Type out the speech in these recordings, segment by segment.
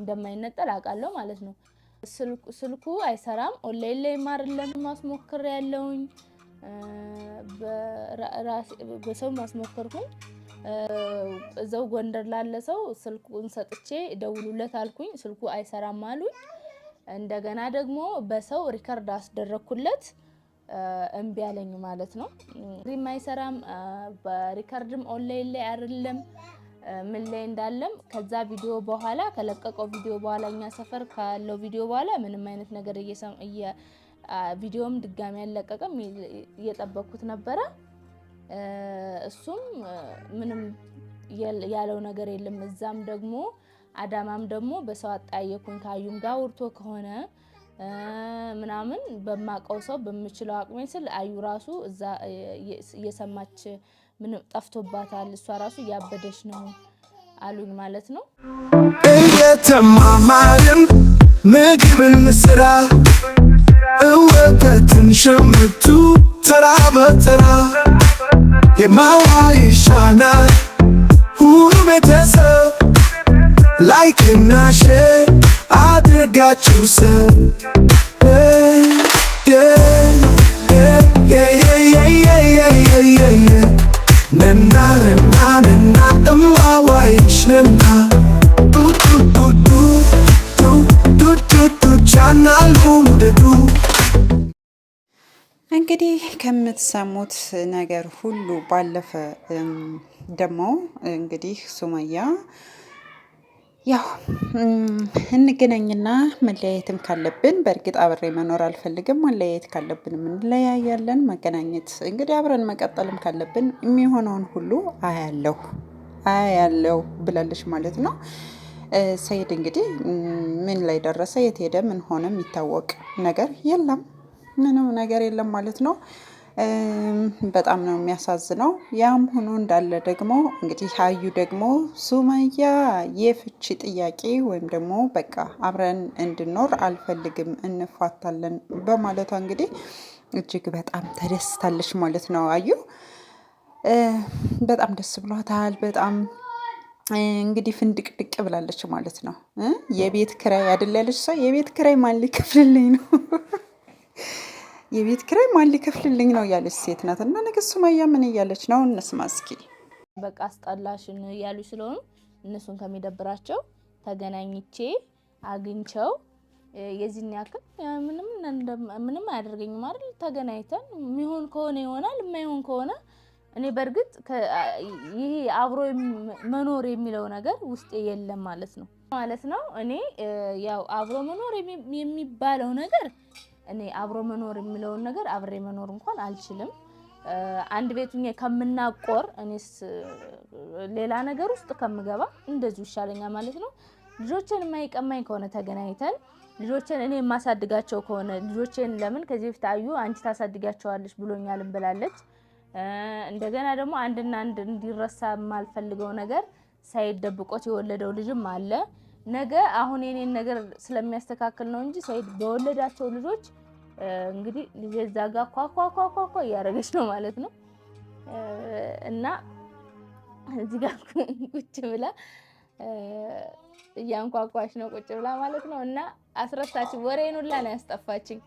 እንደማይነጠል አውቃለሁ ማለት ነው። ስልኩ አይሰራም። ኦንላይን ላይ ማርለን ማስሞክር ያለውኝ በሰው ማስሞከርኩኝ እዛው ጎንደር ላለ ሰው ስልኩን ሰጥቼ ደውሉለት አልኩኝ። ስልኩ አይሰራም አሉኝ። እንደገና ደግሞ በሰው ሪከርድ አስደረግኩለት እምቢ አለኝ ማለት ነው። ሪም አይሰራም፣ በሪከርድም ኦንላይን ላይ አይደለም። ምን ላይ እንዳለም ከዛ ቪዲዮ በኋላ ከለቀቀው ቪዲዮ በኋላ እኛ ሰፈር ካለው ቪዲዮ በኋላ ምንም አይነት ነገር ቪዲዮም ድጋሚ አልለቀቀም። እየጠበኩት ነበረ። እሱም ምንም ያለው ነገር የለም። እዛም ደግሞ አዳማም ደግሞ በሰው አጠያየኩኝ ካዩም ጋር ወርቶ ከሆነ ምናምን በማቀው ሰው በምችለው አቅሜ ስል አዩ ራሱ እዛ እየሰማች ምንም ጠፍቶባታል፣ እሷ ራሱ እያበደች ነው አሉኝ ማለት ነው። እየተማማርን ምግብን ስራ እወተትን ሸምቱ ተራ በተራ የማዋ ይሻናል ሁሉ ቤተሰብ ላይክ እና ሼር አድርጋችሁ እንግዲህ ከምትሰሙት ነገር ሁሉ ባለፈ ደግሞ እንግዲህ ሱመያ ያው እንገናኝና መለያየትም ካለብን በእርግጥ አብሬ መኖር አልፈልግም። መለያየት ካለብን እንለያያለን። መገናኘት እንግዲህ አብረን መቀጠልም ካለብን የሚሆነውን ሁሉ አያለሁ አያለሁ ብላለች ማለት ነው። ሰይድ እንግዲህ ምን ላይ ደረሰ፣ የት ሄደ፣ ምን ሆነ የሚታወቅ ነገር የለም። ምንም ነገር የለም ማለት ነው። በጣም ነው የሚያሳዝነው። ያም ሆኖ እንዳለ ደግሞ እንግዲህ ሀዩ ደግሞ ሱመያ የፍቺ ጥያቄ ወይም ደግሞ በቃ አብረን እንድኖር አልፈልግም እንፋታለን በማለቷ እንግዲህ እጅግ በጣም ተደስታለች ማለት ነው። አዩ በጣም ደስ ብሏታል። በጣም እንግዲህ ፍንድቅድቅ ብላለች ማለት ነው። የቤት ክራይ አይደል ያለች ሰው የቤት ክራይ ማን ሊከፍልልኝ ነው የቤት ክራይ ማን ሊከፍልልኝ ነው ያለች ሴት ናት። እና ንግስት ሱመያ ምን እያለች ነው? እንስማ እስኪ። በቃ አስጠላሽን እያሉ ስለሆኑ እነሱን ከሚደብራቸው ተገናኝቼ አግኝቸው የዚህን ያክል ምንም አያደርገኝም አይደል? ተገናኝተን የሚሆን ከሆነ ይሆናል፣ የማይሆን ከሆነ እኔ በእርግጥ ይሄ አብሮ መኖር የሚለው ነገር ውስጤ የለም ማለት ነው ማለት ነው። እኔ ያው አብሮ መኖር የሚባለው ነገር እኔ አብሮ መኖር የሚለውን ነገር አብሬ መኖር እንኳን አልችልም። አንድ ቤቱ ከምናቆር እኔስ ሌላ ነገር ውስጥ ከምገባ እንደዚሁ ይሻለኛል ማለት ነው። ልጆችን የማይቀማኝ ከሆነ ተገናኝተን ልጆችን እኔ የማሳድጋቸው ከሆነ ልጆችን ለምን ከዚህ በፊት አዩ አንቺ ታሳድጋቸዋለች ብሎኛል ብላለች። እንደገና ደግሞ አንድና አንድ እንዲረሳ የማልፈልገው ነገር ሳይደብቆት የወለደው ልጅም አለ። ነገ አሁን የኔን ነገር ስለሚያስተካክል ነው እንጂ ሰይድ በወለዳቸው ልጆች እንግዲህ ልጅ እዛ ጋር ኳኳኳኳ እያደረገች ነው ማለት ነው። እና እዚህ ጋር ቁጭ ብላ እያንኳኳች ነው ቁጭ ብላ ማለት ነው። እና አስረሳችኝ፣ ወሬን ሁላ ነው ያስጠፋችኝ።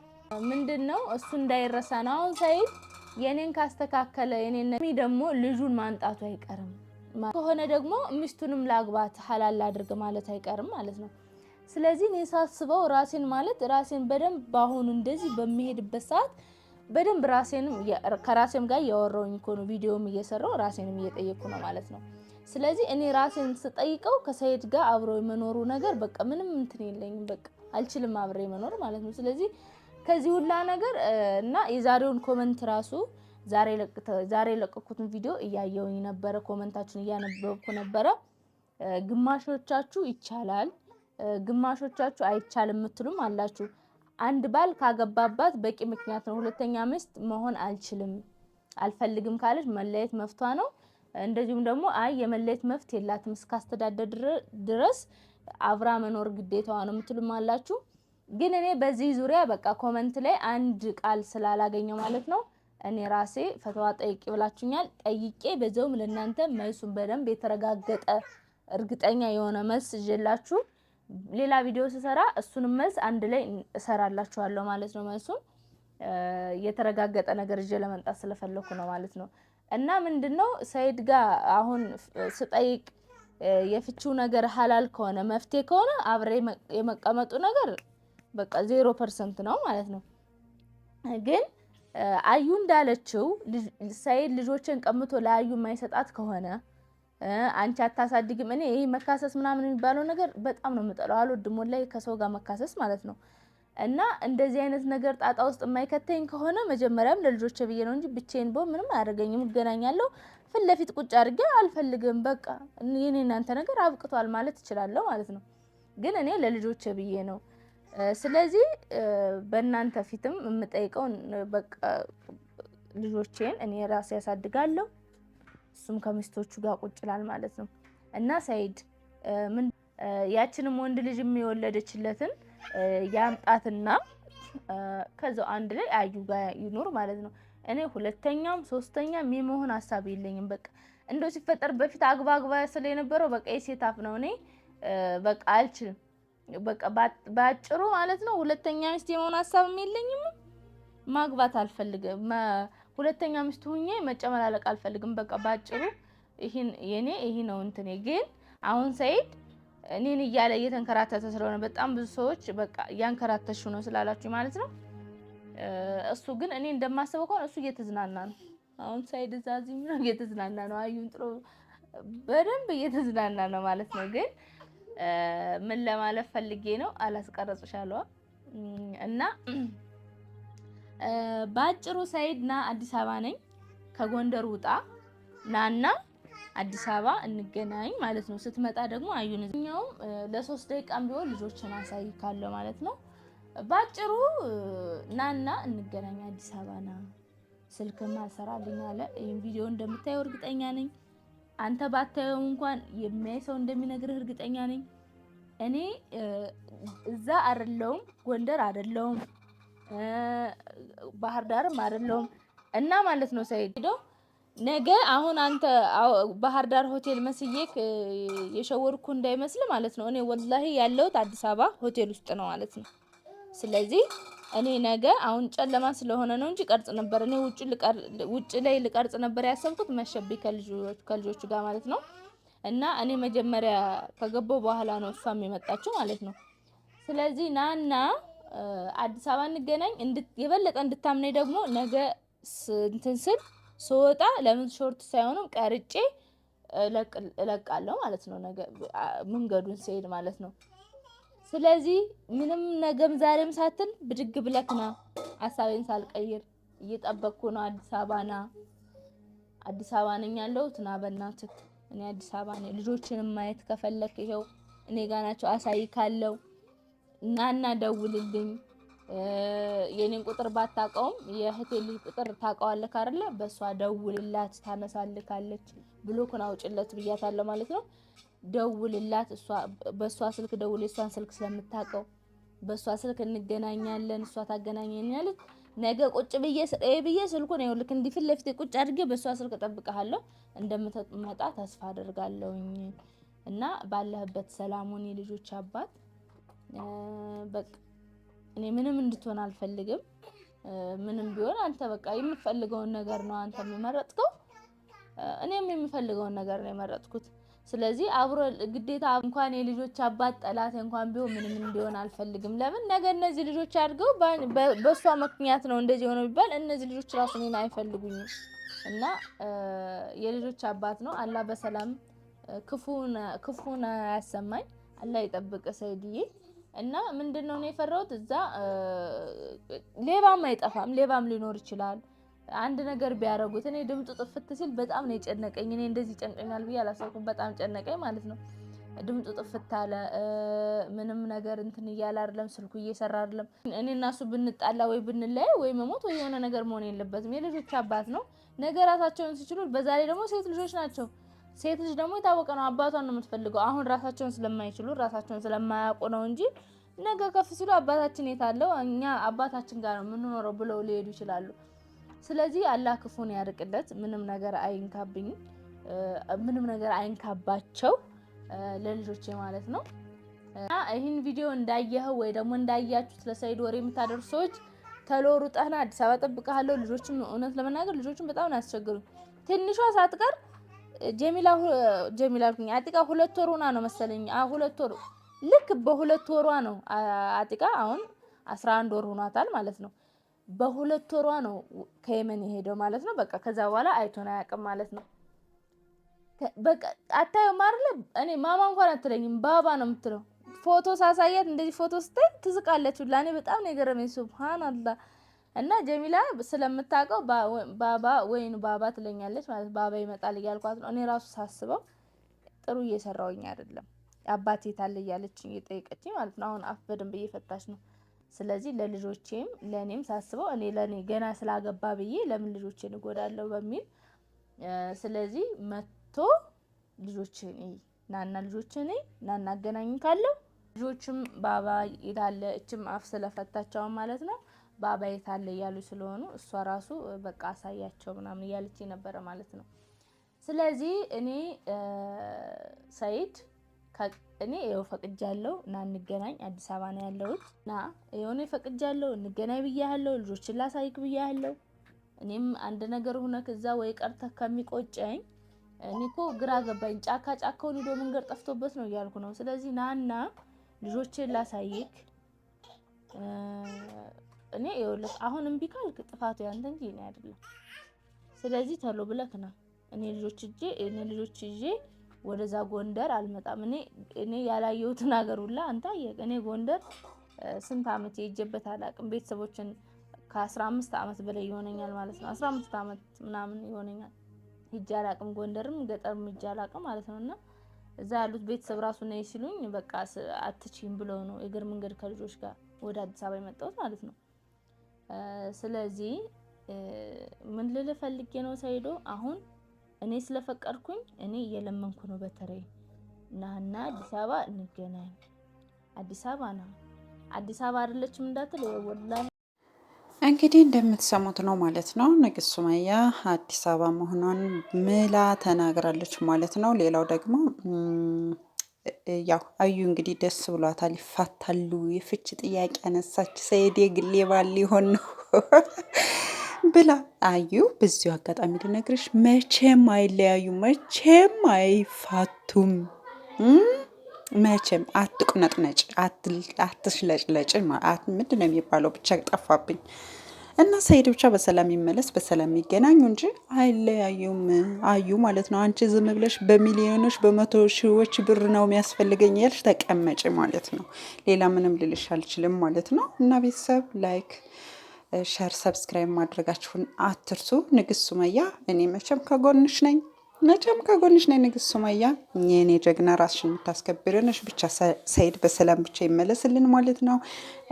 ምንድን ነው እሱ እንዳይረሳ ነው። አሁን ሰኢድ የኔን ካስተካከለ የኔን ደግሞ ልጁን ማምጣቱ አይቀርም። ከሆነ ደግሞ ሚስቱንም ላግባት ሀላል አድርግ ማለት አይቀርም ማለት ነው። ስለዚህ እኔ ሳስበው ራሴን ማለት ራሴን በደንብ በአሁኑ እንደዚህ በሚሄድበት ሰዓት በደንብ ራሴንም ከራሴም ጋር እያወራሁኝ እኮ ነው ቪዲዮም እየሰራው ራሴንም እየጠየቅኩ ነው ማለት ነው። ስለዚህ እኔ ራሴን ስጠይቀው ከሰይድ ጋር አብሮ የመኖሩ ነገር በቃ ምንም እንትን የለኝም፣ በቃ አልችልም አብሬ መኖር ማለት ነው። ስለዚህ ከዚህ ሁላ ነገር እና የዛሬውን ኮመንት ራሱ ዛሬ የለቀኩትን ቪዲዮ እያየውኝ ነበረ። ኮመንታችን እያነበብኩ ነበረ። ግማሾቻችሁ ይቻላል፣ ግማሾቻችሁ አይቻልም የምትሉም አላችሁ። አንድ ባል ካገባባት በቂ ምክንያት ነው። ሁለተኛ ሚስት መሆን አልችልም አልፈልግም ካለች መለየት መፍቷ ነው። እንደዚሁም ደግሞ አይ የመለየት መፍት የላትም እስካስተዳደር ድረስ አብራ መኖር ግዴታዋ ነው የምትሉም አላችሁ። ግን እኔ በዚህ ዙሪያ በቃ ኮመንት ላይ አንድ ቃል ስላላገኘው ማለት ነው እኔ ራሴ ፈተዋ ጠይቂ ብላችሁኛል። ጠይቄ በዚያውም ለእናንተ መልሱን በደንብ የተረጋገጠ እርግጠኛ የሆነ መልስ ይዤላችሁ ሌላ ቪዲዮ ስሰራ እሱንም መልስ አንድ ላይ እሰራላችኋለሁ ማለት ነው። መልሱን የተረጋገጠ ነገር እጄ ለመምጣት ስለፈለኩ ነው ማለት ነው። እና ምንድን ነው ሰይድ ጋር አሁን ስጠይቅ የፍቺው ነገር ሀላል ከሆነ መፍትሄ ከሆነ አብሬ የመቀመጡ ነገር በቃ ዜሮ ፐርሰንት ነው ማለት ነው ግን አዩ እንዳለችው ሰይድ ልጆችን ቀምቶ ለአዩ የማይሰጣት ከሆነ አንቺ አታሳድግም። እኔ ይህ መካሰስ ምናምን የሚባለው ነገር በጣም ነው የምጠለው፣ አልወድም ላይ ከሰው ጋር መካሰስ ማለት ነው። እና እንደዚህ አይነት ነገር ጣጣ ውስጥ የማይከተኝ ከሆነ መጀመሪያም ለልጆች ብዬ ነው እንጂ ብቼን ቦ ምንም አያደርገኝም። እገናኛለሁ ፊት ለፊት ቁጭ አድርጌ አልፈልግም፣ በቃ የኔ እናንተ ነገር አብቅቷል ማለት እችላለሁ ማለት ነው። ግን እኔ ለልጆች ብዬ ነው ስለዚህ በእናንተ ፊትም የምጠይቀው በቃ ልጆቼን እኔ ራሴ ያሳድጋለሁ፣ እሱም ከሚስቶቹ ጋር ቁጭ ይላል ማለት ነው እና ሰይድ ምን ያችንም ወንድ ልጅ የሚወለደችለትን ያምጣትና ከዛው አንድ ላይ አዩ ጋር ይኖር ማለት ነው። እኔ ሁለተኛም ሶስተኛ የሚመሆን ሀሳብ የለኝም። በቃ እንደው ሲፈጠር በፊት አግባ አግባ ስለ የነበረው በቃ የሴት አፍ ነው። እኔ በቃ አልችልም። በቃ በአጭሩ ማለት ነው። ሁለተኛ ሚስት የመሆን ሀሳብም የለኝም። ማግባት አልፈልግም። ሁለተኛ ሚስት ሁኜ መጨመላለቅ አልፈልግም። በቃ በአጭሩ ይሄን የኔ ይሄ ነው እንትኔ። ግን አሁን ሰይድ እኔን እያለ እየተንከራተተ ስለሆነ በጣም ብዙ ሰዎች በቃ እያንከራተሹ ነው ስላላችሁ ማለት ነው። እሱ ግን እኔ እንደማስበው ከሆነ እሱ እየተዝናና ነው። አሁን ሳይድ እዛ እዚህ ነው እየተዝናና ነው። አዩን ጥሎ በደንብ እየተዝናና ነው ማለት ነው ግን ምን ለማለት ፈልጌ ነው አላስቀረጽሻለዋ እና በአጭሩ ሰይድ ና አዲስ አበባ ነኝ ከጎንደር ውጣ ናና አዲስ አበባ እንገናኝ ማለት ነው። ስትመጣ ደግሞ አዩን እኛውም ለሶስት ደቂቃም ቢሆን ልጆችን አሳይ ማለት ነው። ባጭሩ ናና እንገናኝ አዲስ አበባ ና። ስልክም አልሰራልኝ አለ። ይህም ቪዲዮ እንደምታየው እርግጠኛ ነኝ። አንተ ባታየው እንኳን የሚያይ ሰው እንደሚነግርህ እርግጠኛ ነኝ። እኔ እዛ አደለውም ጎንደር አይደለሁም፣ ባህር ዳርም አይደለሁም እና ማለት ነው ሰይድ ሄዶ ነገ አሁን አንተ ባህር ዳር ሆቴል መስዬ የሸወርኩ እንዳይመስል ማለት ነው። እኔ ወላሂ ያለሁት አዲስ አበባ ሆቴል ውስጥ ነው ማለት ነው። ስለዚህ እኔ ነገ አሁን ጨለማ ስለሆነ ነው እንጂ ቀርጽ ነበር። እኔ ውጭ ላይ ልቀርጽ ነበር ያሰብኩት መሸብኝ ከልጆቹ ጋር ማለት ነው። እና እኔ መጀመሪያ ከገባው በኋላ ነው እሷም የመጣችው ማለት ነው። ስለዚህ ናና አዲስ አበባ እንገናኝ። የበለጠ እንድታምነኝ ደግሞ ነገ እንትን ስል ስወጣ ለምን ሾርት ሳይሆንም ቀርጬ እለቃለሁ ማለት ነው። ነገ መንገዱን ስሄድ ማለት ነው። ስለዚህ ምንም ነገም ዛሬም ሳትል ብድግ ብለክ ና። ሀሳቤን ሳልቀይር እየጠበቅኩ ነው። አዲስ አበባ ና፣ አዲስ አበባ ነኝ ያለሁት ና፣ በእናትህ እኔ አዲስ አበባ ነኝ። ልጆችንም ማየት ከፈለክ ይኸው እኔ ጋር ናቸው። አሳይ ካለው ናና ደውልልኝ። የኔን ቁጥር ባታውቀውም የእህቴን ልጅ ቁጥር ታውቀዋለህ አይደለ? በእሷ ደውልላት ታነሳልካለች። ብሎክን አውጭለት ብያታለሁ ማለት ነው። ደውልላት በእሷ ስልክ ደውል፣ የእሷን ስልክ ስለምታውቀው በእሷ ስልክ እንገናኛለን፣ እሷ ታገናኘኛለች። ነገ ቁጭ ብዬ ስልኩን ይኸው ልክ እንዲህ ፊት ለፊት ቁጭ አድርጌ በእሷ ስልክ እጠብቅሃለሁ፣ እንደምትመጣ ተስፋ አደርጋለሁኝ እና ባለህበት ሰላሙን የልጆች አባት እኔ ምንም እንድትሆን አልፈልግም። ምንም ቢሆን አንተ በቃ የምትፈልገውን ነገር ነው አንተ የሚመረጥከው፣ እኔም የምፈልገውን ነገር ነው የመረጥኩት። ስለዚህ አብሮ ግዴታ እንኳን የልጆች አባት ጠላት እንኳን ቢሆን ምንም እንዲሆን አልፈልግም። ለምን ነገ እነዚህ ልጆች አድርገው በእሷ ምክንያት ነው እንደዚህ የሆነው ቢባል እነዚህ ልጆች ራሱ እኔን አይፈልጉኝም። እና የልጆች አባት ነው። አላህ በሰላም ክፉን አያሰማኝ፣ አላህ ይጠብቅ ሰይድዬ። እና ምንድን ነው እኔ የፈራሁት እዛ ሌባም አይጠፋም፣ ሌባም ሊኖር ይችላል አንድ ነገር ቢያደርጉት እኔ ድምፁ ጥፍት ሲል በጣም ነው የጨነቀኝ። እኔ እንደዚህ ጨንቀኛል ብዬ አላሰብኩም። በጣም ጨነቀኝ ማለት ነው። ድምፁ ጥፍት አለ። ምንም ነገር እንትን እያለ አይደለም፣ ስልኩ እየሰራ አይደለም። እኔ እና እሱ ብንጣላ ወይ ብንለያይ ወይ መሞት ወይ የሆነ ነገር መሆን የለበትም። የልጆች አባት ነው። ነገ ራሳቸውን ሲችሉ፣ በዛ ላይ ደግሞ ሴት ልጆች ናቸው። ሴት ልጅ ደግሞ የታወቀ ነው፣ አባቷን ነው የምትፈልገው። አሁን ራሳቸውን ስለማይችሉ ራሳቸውን ስለማያውቁ ነው እንጂ ነገ ከፍ ሲሉ አባታችን የታለው እኛ አባታችን ጋር ነው የምንኖረው ብለው ሊሄዱ ይችላሉ። ስለዚህ አላህ ክፉን ያርቅለት፣ ምንም ነገር አይንካብኝ፣ ምንም ነገር አይንካባቸው ለልጆቼ ማለት ነው። እና ይህን ቪዲዮ እንዳየኸው ወይ ደግሞ እንዳያችሁት ለሰይድ ወሬ የምታደርሱ ሰዎች ተሎ ሩጠህና አዲስ አበባ ጠብቀሃለሁ። ልጆችም እውነት ለመናገር ልጆችም በጣም ያስቸግሩኝ። ትንሿ ሳትቀር ጀሚላ ጀሚላ አልኩኝ አጢቃ ሁለት ወር ሆና ነው መሰለኝ። ሁለት ወር ልክ በሁለት ወሯ ነው አጢቃ አሁን አስራ አንድ ወር ሆኗታል ማለት ነው። በሁለት ወሯ ነው ከየመን የሄደው ማለት ነው። በቃ ከዛ በኋላ አይቶን አያውቅም ማለት ነው። በቃ አታየውም እኔ ማማ እንኳን አትለኝም ባባ ነው የምትለው። ፎቶ ሳሳያት እንደዚህ ፎቶ ስታይ ትስቃለች ሁላ። እኔ በጣም ነው የገረመኝ። እና ጀሚላ ስለምታውቀው ባባ ወይኑ ባባ ትለኛለች ማለት ባባ ይመጣል እያልኳት ነው። እኔ ራሱ ሳስበው ጥሩ እየሰራውኝ አይደለም አባቴ ታለ እያለች እየጠየቀችኝ ማለት ነው። አሁን አፍ በደንብ እየፈታች ነው ስለዚህ ለልጆቼም ለእኔም ሳስበው እኔ ለእኔ ገና ስላገባ ብዬ ለምን ልጆቼን እጎዳለሁ በሚል ስለዚህ መጥቶ ልጆችን ናና ልጆችን ናና አገናኝ ካለው ልጆችም ባባ የታለ እችም አፍ ስለፈታቸው ማለት ነው ባባ የታለ እያሉ ስለሆኑ እሷ ራሱ በቃ አሳያቸው ምናምን እያለች ነበረ ማለት ነው። ስለዚህ እኔ ሰይድ እኔ ይኸው ፈቅጃለሁ እና እንገናኝ፣ አዲስ አበባ ነው ያለሁት እና የሆነ ፈቅጃለሁ እንገናኝ ብያለሁ፣ ልጆችን ላሳይክ ብያለሁ። እኔም አንድ ነገር ሆነ ከዛ ወይ ቀርተህ ከሚቆጨኝ እኔ እኮ ግራ ገባኝ። ጫካ ጫካውን ሂዶ መንገድ ጠፍቶበት ነው እያልኩ ነው። ስለዚህ ናና ልጆችን ላሳይክ። እኔ ይኸውልህ አሁን እምቢ ካልክ ጥፋቱ ያንተ እንጂ እኔ አይደለም። ስለዚህ ተሎ ብለክ ና። እኔ ልጆች እጄ እኔ ልጆች እጄ ወደዛ ጎንደር አልመጣም። እኔ እኔ ያላየሁትን ሀገር ሁላ አንተ አየህ። እኔ ጎንደር ስንት አመት የሄጀበት አላውቅም። ቤተሰቦችን ከ15 ዓመት በላይ ይሆነኛል ማለት ነው። 15 ዓመት ምናምን ይሆነኛል ሂጄ አላውቅም። ጎንደርም ገጠርም ሂጄ አላውቅም ማለት ነው። እና እዛ ያሉት ቤተሰብ ራሱ ነይ ሲሉኝ በቃ አትችም ብለው ነው የእግር መንገድ ከልጆች ጋር ወደ አዲስ አበባ የመጣሁት ማለት ነው። ስለዚህ ምን ልልህ ፈልጌ ነው ሰይዶ አሁን እኔ ስለፈቀድኩኝ እኔ እየለመንኩ ነው። በተለይ ናና አዲስ አበባ እንገናኝ። አዲስ አበባ ነው አዲስ አበባ አይደለችም እንዳትል ወላ እንግዲህ እንደምትሰሙት ነው ማለት ነው። ንግስት ሱመያ አዲስ አበባ መሆኗን ምላ ተናግራለች ማለት ነው። ሌላው ደግሞ ያው አዩ እንግዲህ ደስ ብሏታል። ይፋታሉ። የፍች ጥያቄ አነሳች። ሰይድ የግሌ ባል ሊሆን ነው ብላ አዩ በዚሁ አጋጣሚ ልነግርሽ መቼም አይለያዩ፣ መቼም አይፋቱም። መቼም አትቁነጥነጭ፣ አትሽለጭለጭ። ምንድን ነው የሚባለው? ብቻ ጠፋብኝ። እና ሰኢድ ብቻ በሰላም ይመለስ፣ በሰላም ይገናኙ እንጂ አይለያዩም። አዩ ማለት ነው። አንቺ ዝም ብለሽ በሚሊዮኖች በመቶ ሺዎች ብር ነው የሚያስፈልገኝ ያልሽ ተቀመጭ ማለት ነው። ሌላ ምንም ልልሽ አልችልም ማለት ነው። እና ቤተሰብ ላይክ ሸር፣ ሰብስክራይብ ማድረጋችሁን አትርሱ። ንግስት ሱመያ እኔ መቼም ከጎንሽ ነኝ፣ መቼም ከጎንሽ ነኝ። ንግስት ሱመያ የእኔ ጀግና፣ ራስሽን የምታስከብርንሽ ብቻ ሰይድ በሰላም ብቻ ይመለስልን ማለት ነው።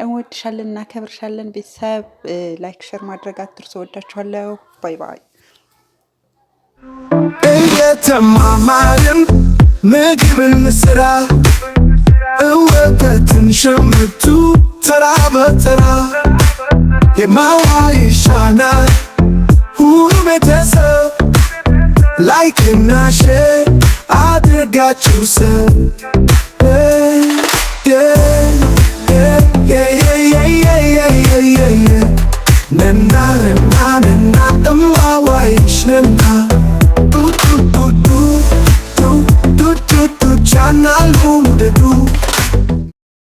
እንወድሻለን፣ እናከብርሻለን። ቤተሰብ ላይክ፣ ሸር ማድረግ አትርሱ። ወዳችኋለሁ። ባይ ባይ። እየተማማርን ምግብን ስራ እወተትን ሸምቱ ተራ በተራ የማዋ ይሻናል ሁሉ ቤተሰብ ላይክና ሼር አድርጋችሁ ሰብ ነናረናነና እማዋይሽነና ቻናል ሁሉ ደዱ